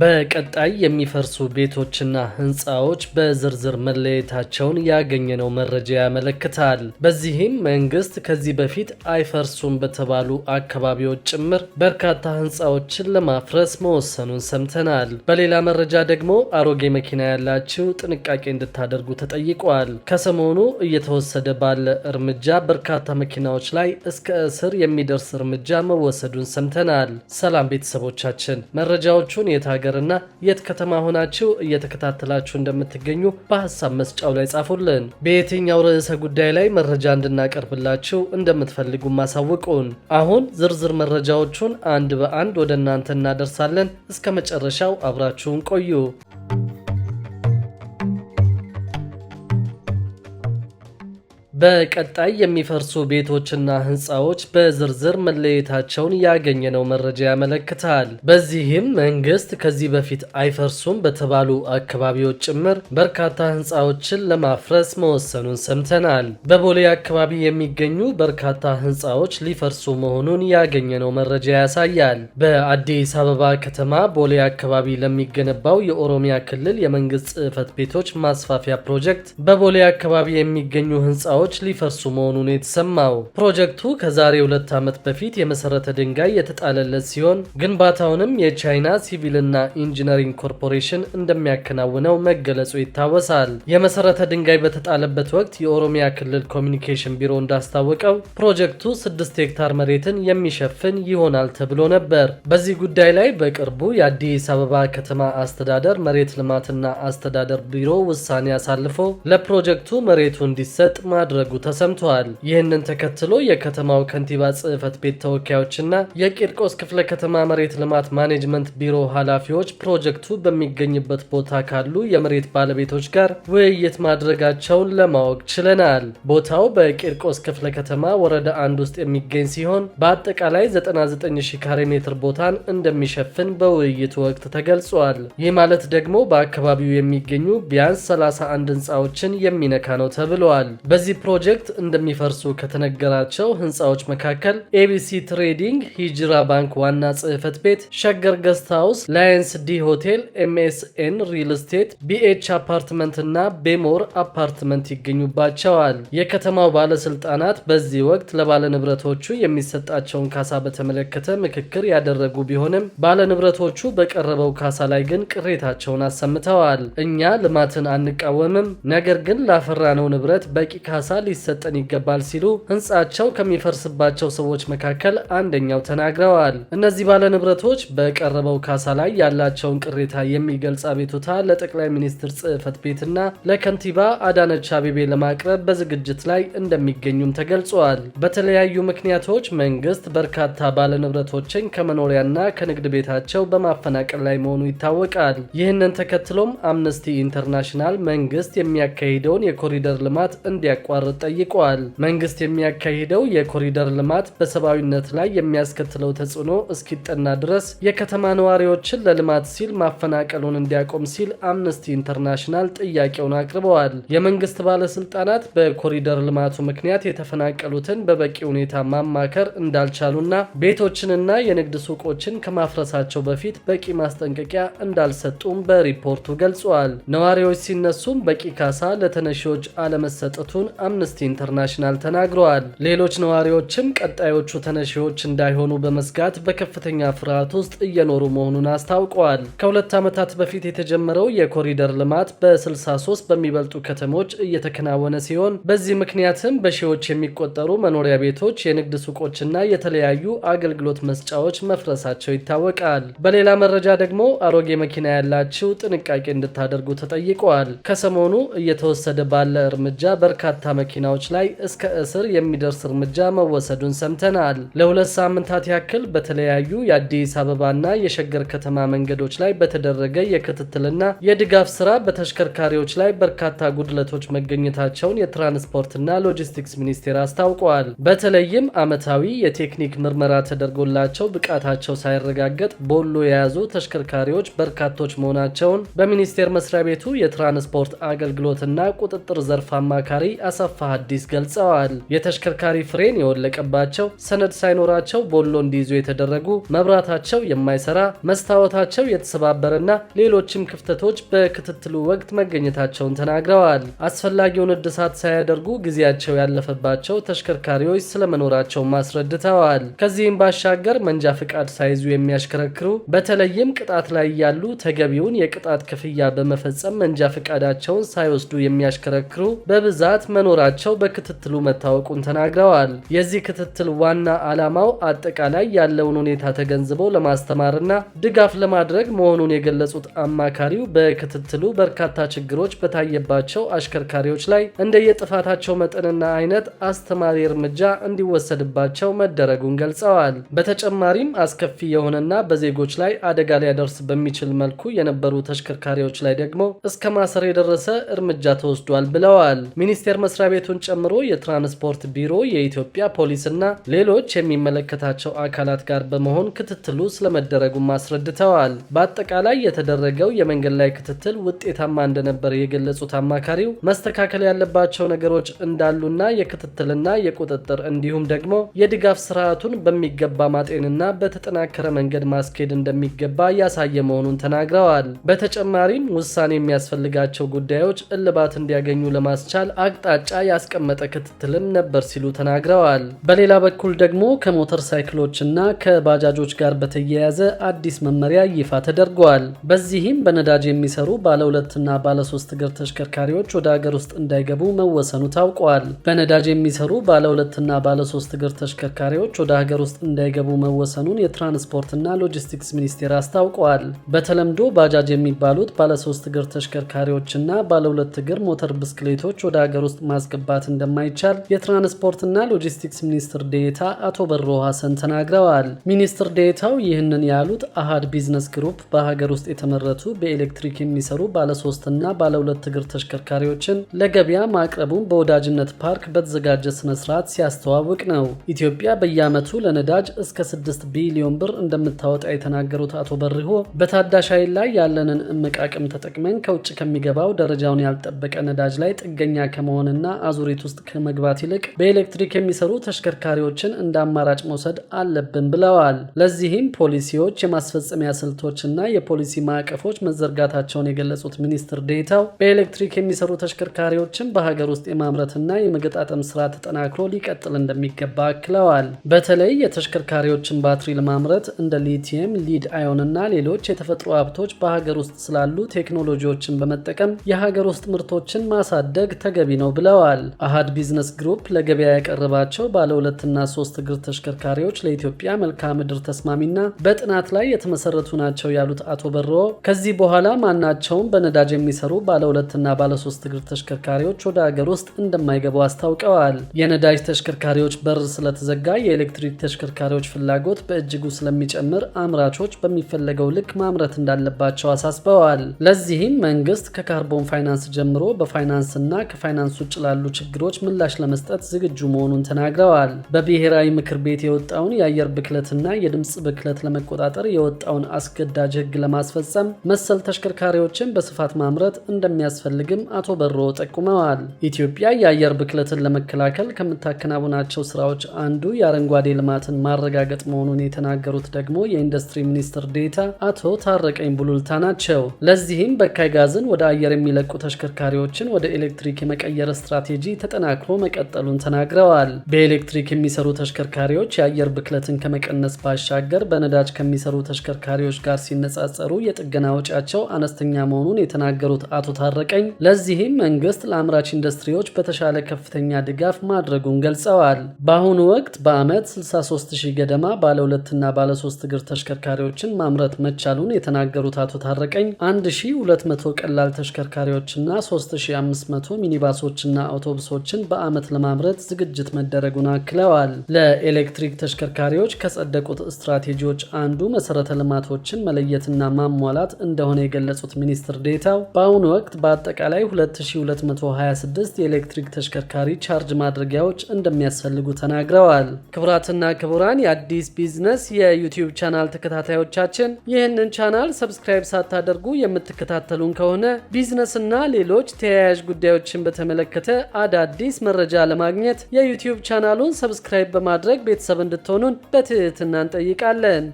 በቀጣይ የሚፈርሱ ቤቶችና ህንፃዎች በዝርዝር መለየታቸውን ያገኘነው መረጃ ያመለክታል። በዚህም መንግስት ከዚህ በፊት አይፈርሱም በተባሉ አካባቢዎች ጭምር በርካታ ህንፃዎችን ለማፍረስ መወሰኑን ሰምተናል። በሌላ መረጃ ደግሞ አሮጌ መኪና ያላችሁ ጥንቃቄ እንድታደርጉ ተጠይቋል። ከሰሞኑ እየተወሰደ ባለ እርምጃ በርካታ መኪናዎች ላይ እስከ እስር የሚደርስ እርምጃ መወሰዱን ሰምተናል። ሰላም ቤተሰቦቻችን መረጃዎቹን የታ ሀገርና የት ከተማ ሆናችሁ እየተከታተላችሁ እንደምትገኙ በሀሳብ መስጫው ላይ ጻፉልን። በየትኛው ርዕሰ ጉዳይ ላይ መረጃ እንድናቀርብላችሁ እንደምትፈልጉ ማሳውቁን። አሁን ዝርዝር መረጃዎቹን አንድ በአንድ ወደ እናንተ እናደርሳለን። እስከ መጨረሻው አብራችሁን ቆዩ። በቀጣይ የሚፈርሱ ቤቶችና ህንፃዎች በዝርዝር መለየታቸውን ያገኘነው መረጃ ያመለክታል። በዚህም መንግስት ከዚህ በፊት አይፈርሱም በተባሉ አካባቢዎች ጭምር በርካታ ህንፃዎችን ለማፍረስ መወሰኑን ሰምተናል። በቦሌ አካባቢ የሚገኙ በርካታ ህንፃዎች ሊፈርሱ መሆኑን ያገኘነው መረጃ ያሳያል። በአዲስ አበባ ከተማ ቦሌ አካባቢ ለሚገነባው የኦሮሚያ ክልል የመንግስት ጽህፈት ቤቶች ማስፋፊያ ፕሮጀክት በቦሌ አካባቢ የሚገኙ ህንፃዎች ሕንፃዎች ሊፈርሱ መሆኑን የተሰማው ፕሮጀክቱ ከዛሬ ሁለት ዓመት በፊት የመሰረተ ድንጋይ የተጣለለት ሲሆን ግንባታውንም የቻይና ሲቪልና ኢንጂነሪንግ ኮርፖሬሽን እንደሚያከናውነው መገለጹ ይታወሳል። የመሰረተ ድንጋይ በተጣለበት ወቅት የኦሮሚያ ክልል ኮሚኒኬሽን ቢሮ እንዳስታወቀው ፕሮጀክቱ 6 ሄክታር መሬትን የሚሸፍን ይሆናል ተብሎ ነበር። በዚህ ጉዳይ ላይ በቅርቡ የአዲስ አበባ ከተማ አስተዳደር መሬት ልማትና አስተዳደር ቢሮ ውሳኔ አሳልፎ ለፕሮጀክቱ መሬቱ እንዲሰጥ ማድረግ ማድረጉ ተሰምተዋል። ይህንን ተከትሎ የከተማው ከንቲባ ጽህፈት ቤት ተወካዮችና የቂርቆስ ክፍለ ከተማ መሬት ልማት ማኔጅመንት ቢሮ ኃላፊዎች ፕሮጀክቱ በሚገኝበት ቦታ ካሉ የመሬት ባለቤቶች ጋር ውይይት ማድረጋቸውን ለማወቅ ችለናል። ቦታው በቂርቆስ ክፍለ ከተማ ወረዳ አንድ ውስጥ የሚገኝ ሲሆን በአጠቃላይ 99 ካሬ ሜትር ቦታን እንደሚሸፍን በውይይቱ ወቅት ተገልጿል። ይህ ማለት ደግሞ በአካባቢው የሚገኙ ቢያንስ 31 ህንፃዎችን የሚነካ ነው ተብለዋል። በዚህ ፕሮጀክት እንደሚፈርሱ ከተነገራቸው ህንፃዎች መካከል ኤቢሲ ትሬዲንግ፣ ሂጅራ ባንክ ዋና ጽህፈት ቤት፣ ሸገር ገስት ሃውስ፣ ላየንስ ዲ ሆቴል፣ ኤምኤስኤን ሪል ስቴት፣ ቢኤች አፓርትመንት እና ቤሞር አፓርትመንት ይገኙባቸዋል። የከተማው ባለስልጣናት በዚህ ወቅት ለባለንብረቶቹ የሚሰጣቸውን ካሳ በተመለከተ ምክክር ያደረጉ ቢሆንም ባለንብረቶቹ በቀረበው ካሳ ላይ ግን ቅሬታቸውን አሰምተዋል። እኛ ልማትን አንቃወምም፣ ነገር ግን ላፈራነው ንብረት በቂ ካሳ ሊሰጠን ይገባል ሲሉ ህንጻቸው ከሚፈርስባቸው ሰዎች መካከል አንደኛው ተናግረዋል። እነዚህ ባለንብረቶች በቀረበው ካሳ ላይ ያላቸውን ቅሬታ የሚገልጽ አቤቱታ ለጠቅላይ ሚኒስትር ጽህፈት ቤትና ለከንቲባ አዳነች አቤቤ ለማቅረብ በዝግጅት ላይ እንደሚገኙም ተገልጿል። በተለያዩ ምክንያቶች መንግስት በርካታ ባለንብረቶችን ከመኖሪያና ከንግድ ቤታቸው በማፈናቀል ላይ መሆኑ ይታወቃል። ይህንን ተከትሎም አምነስቲ ኢንተርናሽናል መንግስት የሚያካሂደውን የኮሪደር ልማት እንዲያቋ እንዲቋረጥ ጠይቋል። መንግስት የሚያካሂደው የኮሪደር ልማት በሰብአዊነት ላይ የሚያስከትለው ተጽዕኖ እስኪጠና ድረስ የከተማ ነዋሪዎችን ለልማት ሲል ማፈናቀሉን እንዲያቆም ሲል አምነስቲ ኢንተርናሽናል ጥያቄውን አቅርበዋል። የመንግስት ባለስልጣናት በኮሪደር ልማቱ ምክንያት የተፈናቀሉትን በበቂ ሁኔታ ማማከር እንዳልቻሉና ቤቶችንና የንግድ ሱቆችን ከማፍረሳቸው በፊት በቂ ማስጠንቀቂያ እንዳልሰጡም በሪፖርቱ ገልጿል። ነዋሪዎች ሲነሱም በቂ ካሳ ለተነሺዎች አለመሰጠቱን አምነስቲ ኢንተርናሽናል ተናግረዋል። ሌሎች ነዋሪዎችም ቀጣዮቹ ተነሺዎች እንዳይሆኑ በመስጋት በከፍተኛ ፍርሃት ውስጥ እየኖሩ መሆኑን አስታውቀዋል። ከሁለት ዓመታት በፊት የተጀመረው የኮሪደር ልማት በ63 በሚበልጡ ከተሞች እየተከናወነ ሲሆን በዚህ ምክንያትም በሺዎች የሚቆጠሩ መኖሪያ ቤቶች፣ የንግድ ሱቆችና የተለያዩ አገልግሎት መስጫዎች መፍረሳቸው ይታወቃል። በሌላ መረጃ ደግሞ አሮጌ መኪና ያላችሁ ጥንቃቄ እንድታደርጉ ተጠይቀዋል። ከሰሞኑ እየተወሰደ ባለ እርምጃ በርካታ መኪናዎች ላይ እስከ እስር የሚደርስ እርምጃ መወሰዱን ሰምተናል። ለሁለት ሳምንታት ያክል በተለያዩ የአዲስ አበባና የሸገር ከተማ መንገዶች ላይ በተደረገ የክትትልና የድጋፍ ስራ በተሽከርካሪዎች ላይ በርካታ ጉድለቶች መገኘታቸውን የትራንስፖርትና ሎጂስቲክስ ሚኒስቴር አስታውቋል። በተለይም ዓመታዊ የቴክኒክ ምርመራ ተደርጎላቸው ብቃታቸው ሳይረጋገጥ ቦሎ የያዙ ተሽከርካሪዎች በርካቶች መሆናቸውን በሚኒስቴር መስሪያ ቤቱ የትራንስፖርት አገልግሎትና ቁጥጥር ዘርፍ አማካሪ አሳ አሰፋ ሀዲስ ገልጸዋል። የተሽከርካሪ ፍሬን የወለቀባቸው ሰነድ ሳይኖራቸው ቦሎ እንዲይዙ የተደረጉ መብራታቸው የማይሰራ መስታወታቸው የተሰባበረና ሌሎችም ክፍተቶች በክትትሉ ወቅት መገኘታቸውን ተናግረዋል። አስፈላጊውን እድሳት ሳያደርጉ ጊዜያቸው ያለፈባቸው ተሽከርካሪዎች ስለመኖራቸው አስረድተዋል። ከዚህም ባሻገር መንጃ ፍቃድ ሳይዙ የሚያሽከረክሩ በተለይም ቅጣት ላይ ያሉ ተገቢውን የቅጣት ክፍያ በመፈጸም መንጃ ፍቃዳቸውን ሳይወስዱ የሚያሽከረክሩ በብዛት መኖራ መኖራቸው በክትትሉ መታወቁን ተናግረዋል። የዚህ ክትትል ዋና ዓላማው አጠቃላይ ያለውን ሁኔታ ተገንዝበው ለማስተማርና ድጋፍ ለማድረግ መሆኑን የገለጹት አማካሪው በክትትሉ በርካታ ችግሮች በታየባቸው አሽከርካሪዎች ላይ እንደየጥፋታቸው መጠንና አይነት አስተማሪ እርምጃ እንዲወሰድባቸው መደረጉን ገልጸዋል። በተጨማሪም አስከፊ የሆነና በዜጎች ላይ አደጋ ሊያደርስ በሚችል መልኩ የነበሩ ተሽከርካሪዎች ላይ ደግሞ እስከ ማሰር የደረሰ እርምጃ ተወስዷል ብለዋል። ሚኒስቴር መስሪያ ቤቱን ጨምሮ የትራንስፖርት ቢሮ፣ የኢትዮጵያ ፖሊስና ሌሎች የሚመለከታቸው አካላት ጋር በመሆን ክትትሉ ስለመደረጉም አስረድተዋል። በአጠቃላይ የተደረገው የመንገድ ላይ ክትትል ውጤታማ እንደነበር የገለጹት አማካሪው መስተካከል ያለባቸው ነገሮች እንዳሉና የክትትልና የቁጥጥር እንዲሁም ደግሞ የድጋፍ ስርዓቱን በሚገባ ማጤንና በተጠናከረ መንገድ ማስኬድ እንደሚገባ ያሳየ መሆኑን ተናግረዋል። በተጨማሪም ውሳኔ የሚያስፈልጋቸው ጉዳዮች እልባት እንዲያገኙ ለማስቻል አቅጣጫ ያስቀመጠ ክትትልም ነበር ሲሉ ተናግረዋል። በሌላ በኩል ደግሞ ከሞተር ሳይክሎችና ከባጃጆች ጋር በተያያዘ አዲስ መመሪያ ይፋ ተደርጓል። በዚህም በነዳጅ የሚሰሩ ባለ ሁለትና ባለ ሶስት እግር ተሽከርካሪዎች ወደ አገር ውስጥ እንዳይገቡ መወሰኑ ታውቋል። በነዳጅ የሚሰሩ ባለ ሁለትና ባለ ሶስት እግር ተሽከርካሪዎች ወደ ሀገር ውስጥ እንዳይገቡ መወሰኑን የትራንስፖርትና ሎጂስቲክስ ሚኒስቴር አስታውቋል። በተለምዶ ባጃጅ የሚባሉት ባለ ሶስት እግር ተሽከርካሪዎችና ባለ ሁለት እግር ሞተር ብስክሌቶች ወደ ሀገር ውስጥ ማስገባት እንደማይቻል የትራንስፖርትና ሎጂስቲክስ ሚኒስትር ዴታ አቶ በሮ ሀሰን ተናግረዋል። ሚኒስትር ዴታው ይህንን ያሉት አሃድ ቢዝነስ ግሩፕ በሀገር ውስጥ የተመረቱ በኤሌክትሪክ የሚሰሩ ባለሶስትና ባለሁለት እግር ተሽከርካሪዎችን ለገበያ ማቅረቡን በወዳጅነት ፓርክ በተዘጋጀ ስነስርዓት ሲያስተዋውቅ ነው። ኢትዮጵያ በየዓመቱ ለነዳጅ እስከ 6 ቢሊዮን ብር እንደምታወጣ የተናገሩት አቶ በሪሆ በታዳሽ ኃይል ላይ ያለንን እምቅ አቅም ተጠቅመን ከውጭ ከሚገባው ደረጃውን ያልጠበቀ ነዳጅ ላይ ጥገኛ ከመሆንና አዙሪት ውስጥ ከመግባት ይልቅ በኤሌክትሪክ የሚሰሩ ተሽከርካሪዎችን እንደ አማራጭ መውሰድ አለብን ብለዋል። ለዚህም ፖሊሲዎች፣ የማስፈጸሚያ ስልቶችና የፖሊሲ ማዕቀፎች መዘርጋታቸውን የገለጹት ሚኒስትር ዴታው በኤሌክትሪክ የሚሰሩ ተሽከርካሪዎችን በሀገር ውስጥ የማምረትና የመገጣጠም ስራ ተጠናክሮ ሊቀጥል እንደሚገባ አክለዋል። በተለይ የተሽከርካሪዎችን ባትሪ ለማምረት እንደ ሊቲየም፣ ሊድ አዮንና ሌሎች የተፈጥሮ ሀብቶች በሀገር ውስጥ ስላሉ ቴክኖሎጂዎችን በመጠቀም የሀገር ውስጥ ምርቶችን ማሳደግ ተገቢ ነው ብለዋል። ብለዋል። አሃድ ቢዝነስ ግሩፕ ለገበያ ያቀረባቸው ባለ ሁለትና ሶስት እግር ተሽከርካሪዎች ለኢትዮጵያ መልክዓ ምድር ተስማሚና በጥናት ላይ የተመሰረቱ ናቸው ያሉት አቶ በሮ ከዚህ በኋላ ማናቸውም በነዳጅ የሚሰሩ ባለ ሁለትና ባለ ሶስት እግር ተሽከርካሪዎች ወደ ሀገር ውስጥ እንደማይገቡ አስታውቀዋል። የነዳጅ ተሽከርካሪዎች በር ስለተዘጋ የኤሌክትሪክ ተሽከርካሪዎች ፍላጎት በእጅጉ ስለሚጨምር አምራቾች በሚፈለገው ልክ ማምረት እንዳለባቸው አሳስበዋል። ለዚህም መንግስት ከካርቦን ፋይናንስ ጀምሮ በፋይናንስና ከፋይናንስ ውጭ ላሉ ችግሮች ምላሽ ለመስጠት ዝግጁ መሆኑን ተናግረዋል። በብሔራዊ ምክር ቤት የወጣውን የአየር ብክለትና የድምፅ ብክለት ለመቆጣጠር የወጣውን አስገዳጅ ሕግ ለማስፈጸም መሰል ተሽከርካሪዎችን በስፋት ማምረት እንደሚያስፈልግም አቶ በሮ ጠቁመዋል። ኢትዮጵያ የአየር ብክለትን ለመከላከል ከምታከናውናቸው ስራዎች አንዱ የአረንጓዴ ልማትን ማረጋገጥ መሆኑን የተናገሩት ደግሞ የኢንዱስትሪ ሚኒስትር ዴታ አቶ ታረቀኝ ቡሉልታ ናቸው። ለዚህም በካይ ጋዝን ወደ አየር የሚለቁ ተሽከርካሪዎችን ወደ ኤሌክትሪክ የመቀየር ስትራ ስትራቴጂ ተጠናክሮ መቀጠሉን ተናግረዋል። በኤሌክትሪክ የሚሰሩ ተሽከርካሪዎች የአየር ብክለትን ከመቀነስ ባሻገር በነዳጅ ከሚሰሩ ተሽከርካሪዎች ጋር ሲነጻጸሩ የጥገና ወጪያቸው አነስተኛ መሆኑን የተናገሩት አቶ ታረቀኝ ለዚህም መንግስት ለአምራች ኢንዱስትሪዎች በተሻለ ከፍተኛ ድጋፍ ማድረጉን ገልጸዋል። በአሁኑ ወቅት በዓመት 63000 ገደማ ባለ ሁለትና ባለ ሶስት እግር ተሽከርካሪዎችን ማምረት መቻሉን የተናገሩት አቶ ታረቀኝ 1200 ቀላል ተሽከርካሪዎችና 3500 ሚኒባሶችና አውቶቡሶችን በዓመት ለማምረት ዝግጅት መደረጉን አክለዋል። ለኤሌክትሪክ ተሽከርካሪዎች ከጸደቁት ስትራቴጂዎች አንዱ መሰረተ ልማቶችን መለየትና ማሟላት እንደሆነ የገለጹት ሚኒስትር ዴታው በአሁኑ ወቅት በአጠቃላይ 2226 የኤሌክትሪክ ተሽከርካሪ ቻርጅ ማድረጊያዎች እንደሚያስፈልጉ ተናግረዋል። ክቡራትና ክቡራን የአዲስ ቢዝነስ የዩቲዩብ ቻናል ተከታታዮቻችን ይህንን ቻናል ሰብስክራይብ ሳታደርጉ የምትከታተሉን ከሆነ ቢዝነስና ሌሎች ተያያዥ ጉዳዮችን በተመለከተ አዳዲስ መረጃ ለማግኘት የዩቲዩብ ቻናሉን ሰብስክራይብ በማድረግ ቤተሰብ እንድትሆኑን በትህትና እንጠይቃለን።